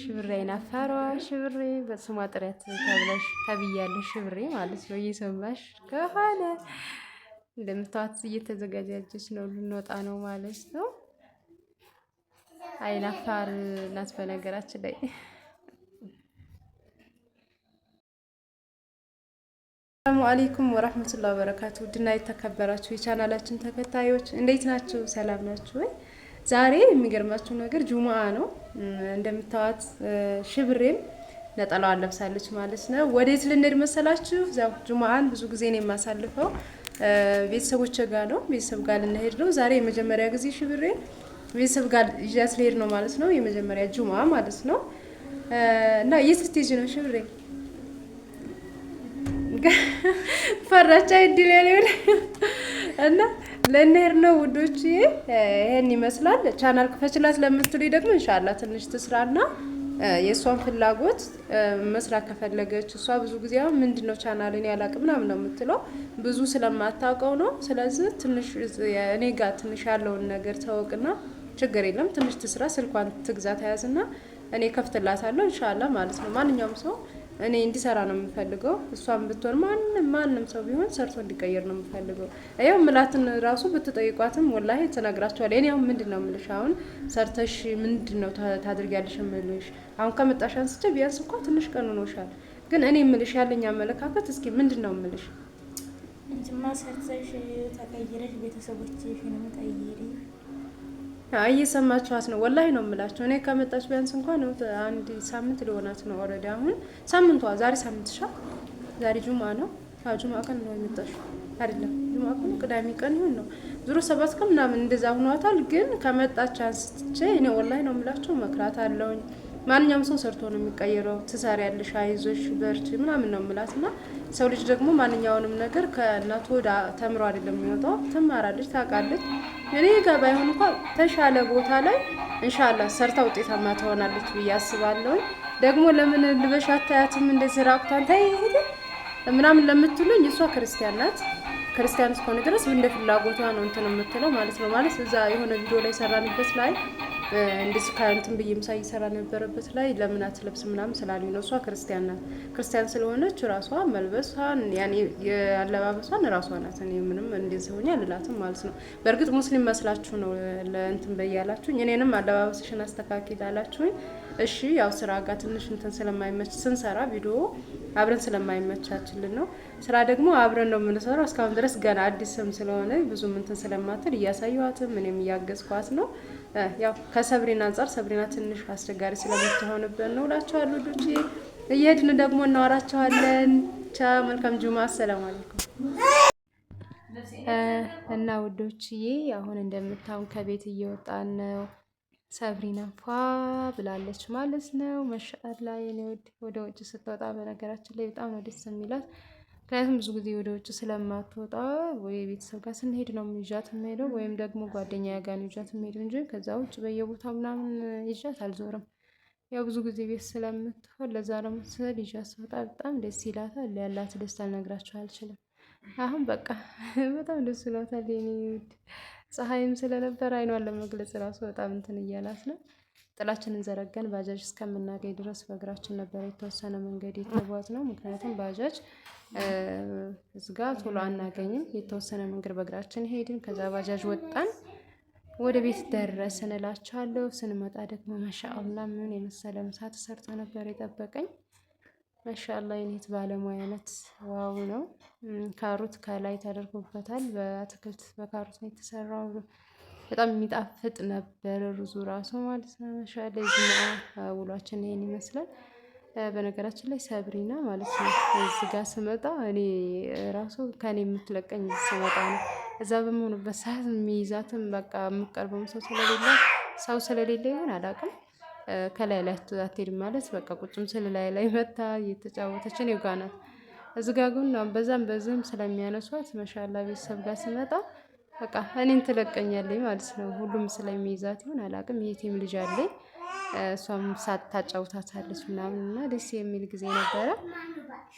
ሽብሬ አይናፋሯ ሽብሬ በስሟ ጥሪያት ተብለሽ ተብያለሽ። ሽብሬ ማለት ነው። እየሰማሽ ከሆነ እንደምታዋት እየተዘጋጃጀች ነው። ልንወጣ ነው ማለት ነው። አይናፋር ናት በነገራችን ላይ ሰላሙ አሌይኩም ወራህመቱላሂ ወበረካቱ ድና የተከበራችሁ የቻናላችን ተከታዮች እንዴት ናችሁ? ሰላም ናችሁ ወይ? ዛሬ የሚገርማችሁ ነገር ጁማ ነው። እንደምታዋት ሽብሬም ነጠላዋን ለብሳለች ማለት ነው። ወዴት ልንሄድ መሰላችሁ? እዚያው ጁማን ብዙ ጊዜ ነው የማሳልፈው ቤተሰቦች ጋር ነው። ቤተሰብ ጋር ልንሄድ ነው ዛሬ። የመጀመሪያ ጊዜ ሽብሬ ቤተሰብ ጋር ይዣት ልሄድ ነው ማለት ነው። የመጀመሪያ ጁማ ማለት ነው። እና የት ስትሄጂ ነው ሽብሬ? ፈራቻ ይድል ያለ እና ልንሄድ ነው ውዶች፣ ይሄን ይመስላል። ቻናል ክፈችላት ለምትሉ ደግሞ እንሻላ ትንሽ ትስራና የእሷን ፍላጎት መስራት ከፈለገች እሷ ብዙ ጊዜ ምንድነው ምንድን ነው ቻናልን ያላቅ ምናምን ነው የምትለው፣ ብዙ ስለማታውቀው ነው። ስለዚህ ትንሽ እኔ ጋር ትንሽ ያለውን ነገር ታወቅና ችግር የለም ትንሽ ትስራ፣ ስልኳን ትግዛት ያዝና እኔ ከፍትላታለሁ። እንሻላ ማለት ነው ማንኛውም ሰው እኔ እንዲሰራ ነው የምፈልገው። እሷም ብትሆን ማንም ማንም ሰው ቢሆን ሰርቶ እንዲቀይር ነው የምፈልገው። ያው ምላትን ራሱ ብትጠይቋትም ወላሂ ትነግራቸዋል። እኔ አሁን ምንድን ነው የምልሽ አሁን ሰርተሽ ምንድን ነው ታድርጊያለሽ የምልሽ አሁን ከመጣሽ አንስቼ ቢያንስ እንኳ ትንሽ ቀን ሆኖሻል። ግን እኔ የምልሽ ያለኝ አመለካከት እስኪ ምንድን ነው የምልሽ ጅማ ሰርተሽ ተቀይረሽ ቤተሰቦችሽንም ቀይሪ እየሰማችኋት ነው። ወላሂ ነው የምላቸው። እኔ ከመጣች ቢያንስ እንኳን አንድ ሳምንት ሊሆናት ነው። ኦልሬዲ አሁን ሳምንቷ ዛሬ ሳምንት ሻ ዛሬ ጁማ ነው። ጁማ ቀን ነው የመጣችው አይደለም? ጁማ ቀን ቅዳሜ ቀን ይሁን ነው ዙሮ ሰባት ቀን ምናምን እንደዛ ሁኗታል። ግን ከመጣች አንስቼ እኔ ወላሂ ነው የምላቸው መክራት አለውኝ ማንኛውም ሰው ሰርቶ ነው የሚቀየረው። ትሰሪያለሽ፣ አይዞሽ፣ በርቺ ምናምን ነው የምላት እና ሰው ልጅ ደግሞ ማንኛውንም ነገር ከእናቱ ወደ ተምሮ አይደለም የሚወጣው። ትማራለች፣ ታውቃለች እኔ ጋር ባይሆን እንኳ ተሻለ ቦታ ላይ እንሻላ ሰርታ ውጤታማ ትሆናለች ብዬ አስባለሁ። ደግሞ ለምን ልበሽ አታያትም እንደዚህ ራቁቷን ታይ ምናምን ለምትሉኝ እሷ ክርስቲያን ናት። ክርስቲያን እስከሆነ ድረስ እንደ ፍላጎቷ ነው እንትን የምትለው ማለት ነው። ማለት እዛ የሆነ ቪዲዮ ላይ ሰራንበት ላይ እንደዚህ ከእንትን ብዬ ምሳ እየሰራ ነበረበት ላይ ለምን አትለብስ ምናምን ስላሉ ነው። እሷ ክርስቲያን ናት። ክርስቲያን ስለሆነች ራሷ መልበሷን ያኔ የአለባበሷን ራሷ ናት። እኔ ምንም እንደዚህ ሆኜ አልላትም ማለት ነው። በእርግጥ ሙስሊም መስላችሁ ነው ለእንትን በያላችሁኝ፣ እኔንም አለባበስሽን አስተካክል አላችሁኝ። እሺ ያው ስራ ጋር ትንሽ እንትን ስለማይመች ስንሰራ ቪዲዮ አብረን ስለማይመቻችልን ነው። ስራ ደግሞ አብረን ነው የምንሰራው። እስካሁን ድረስ ገና አዲስም ስለሆነ ብዙ ምንትን ስለማትል እያሳየኋትም እኔም እያገዝኳት ነው። ያው ከሰብሪና አንጻር ሰብሪና ትንሽ አስቸጋሪ ስለምትሆንብን ነው እላቸዋለሁ። ልጆቼ እየሄድን ደግሞ እናወራቸዋለን። ቻ መልካም ጁማ። አሰላሙ አለይኩም እና ውዶችዬ፣ አሁን እንደምታውን ከቤት እየወጣን ነው ሰብሪና ፏ ብላለች ማለት ነው። መሻላ ላይ ውድ ወደ ውጭ ስትወጣ በነገራችን ላይ በጣም ነው ደስ የሚላት። ምክንያቱም ብዙ ጊዜ ወደ ውጭ ስለማትወጣ ወይ ቤተሰብ ጋር ስንሄድ ነው ይዣት የምሄደው ወይም ደግሞ ጓደኛ ጋር ይዣት የምሄደው እንጂ ከዛ ውጭ በየቦታው ምናምን ይዣት አልዞርም። ያው ብዙ ጊዜ ቤት ስለምትሆን ለዛ ነው ስል ይዣት ስወጣ በጣም ደስ ይላታል። ያላት ደስታ ልነግራችሁ አልችልም። አሁን በቃ በጣም ደስ ይላታል የኔ ፀሐይም ስለነበር አይኗን ለመግለጽ ራሱ በጣም እንትን እያላት ነው። ጥላችንን ዘረገን ባጃጅ እስከምናገኝ ድረስ በእግራችን ነበር የተወሰነ መንገድ የተጓዝ ነው። ምክንያቱም ባጃጅ እዝጋ ቶሎ አናገኝም። የተወሰነ መንገድ በእግራችን ሄድን። ከዛ ባጃጅ ወጣን፣ ወደ ቤት ደረስን እላችኋለሁ። ስንመጣ ደግሞ መሻአላ ምን የመሰለ ምሳ ተሰርቶ ነበር የጠበቀኝ። ማሻአላ የኔት ባለሙያ ናት። ዋው ነው። ካሮት ከላይ ተደርጎበታል። በአትክልት በካሮት ነው የተሰራው። በጣም የሚጣፍጥ ነበር ሩዙ ራሱ ማለት ነው። ማሻአላ የጅምዓ ውሏችን ይሄን ይመስላል። በነገራችን ላይ ሰብሪና ማለት ነው እዚህ ጋር ስመጣ እኔ ራሱ ከኔ የምትለቀኝ ስመጣ ነው። እዛ በመሆኑበት ሰዓት የሚይዛትም በቃ የምቀርበውም ሰው ስለሌለ ሰው ስለሌለ ይሆን አላውቅም ከላይ ላይ አትሄድም ማለት በቃ ቁጭም ስል ላይ ላይ መታ እየተጫወተች እኔ ጋ ናት። እዚህ ጋ ግን በዛም በዚህም ስለሚያነሷት መሻላ ቤተሰብ ጋር ስመጣ በቃ እኔን ትለቀኛለኝ ማለት ነው። ሁሉም ስለሚይዛት ይሆን አላውቅም። የቲም ልጅ አለኝ እሷም ሳታጫውታታለች ምናምን እና ደስ የሚል ጊዜ ነበረ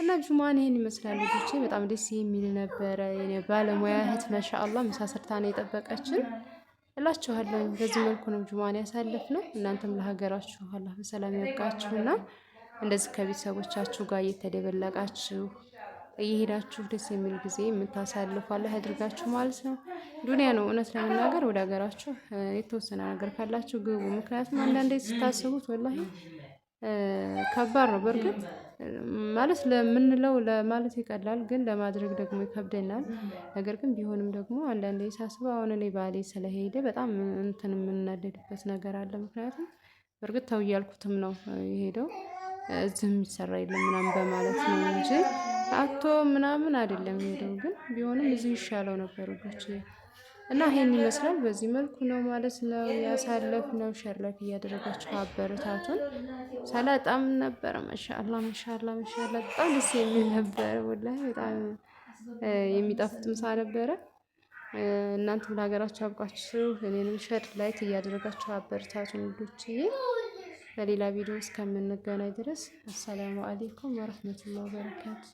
እና ጁማን ይሄን ይመስላል። ልጆቼ በጣም ደስ የሚል ነበረ። ባለሙያ እህት መሻአላ ምሳ ሰርታ ነው የጠበቀችን። እላችኋለሁ። በዚህ መልኩ ነው ጁማን ያሳልፍ ነው። እናንተም ለሀገራችሁ አላህ በሰላም ያብቃችሁና እንደዚህ ከቤተሰቦቻችሁ ጋር እየተደበለቃችሁ እየሄዳችሁ ደስ የሚል ጊዜ የምታሳልፉ አላህ ያድርጋችሁ ማለት ነው። ዱኒያ ነው እውነት ለመናገር ወደ ሀገራችሁ የተወሰነ ነገር ካላችሁ ግቡ። ምክንያቱም አንዳንዴ ስታስቡት ወላሂ ከባድ ነው በእርግጥ ማለት ለምንለው ለማለት ይቀላል፣ ግን ለማድረግ ደግሞ ይከብደናል። ነገር ግን ቢሆንም ደግሞ አንዳንዴ ሳስበው አሁን እኔ ባሌ ስለሄደ በጣም እንትን የምናደድበት ነገር አለ። ምክንያቱም በርግጥ ተው እያልኩትም ነው የሄደው እዚህ የሚሰራ የለም ምናምን በማለት ነው እንጂ አቶ ምናምን አይደለም የሄደው። ግን ቢሆንም እዚህ ይሻለው ነበር ውዶቼ። እና ይሄን ይመስላል። በዚህ መልኩ ነው ማለት ነው ያሳለፍ ነው። ሸርለፍ እያደረጋችሁ አበረታቱን። ሰላጣም ነበረ። መሻላ መሻላ መሻላ በጣም ደስ የሚል ነበረ። ወላሂ በጣም የሚጣፍጥ ምሳ ነበረ። እናንተም ለሀገራችሁ አብቃችሁ፣ እኔንም ሸር ላይት እያደረጋችሁ አበረታቱን ልጆችዬ። በሌላ ቪዲዮ እስከምንገናኝ ድረስ አሰላሙ አሌይኩም ወረህመቱላ ወበረካቱ።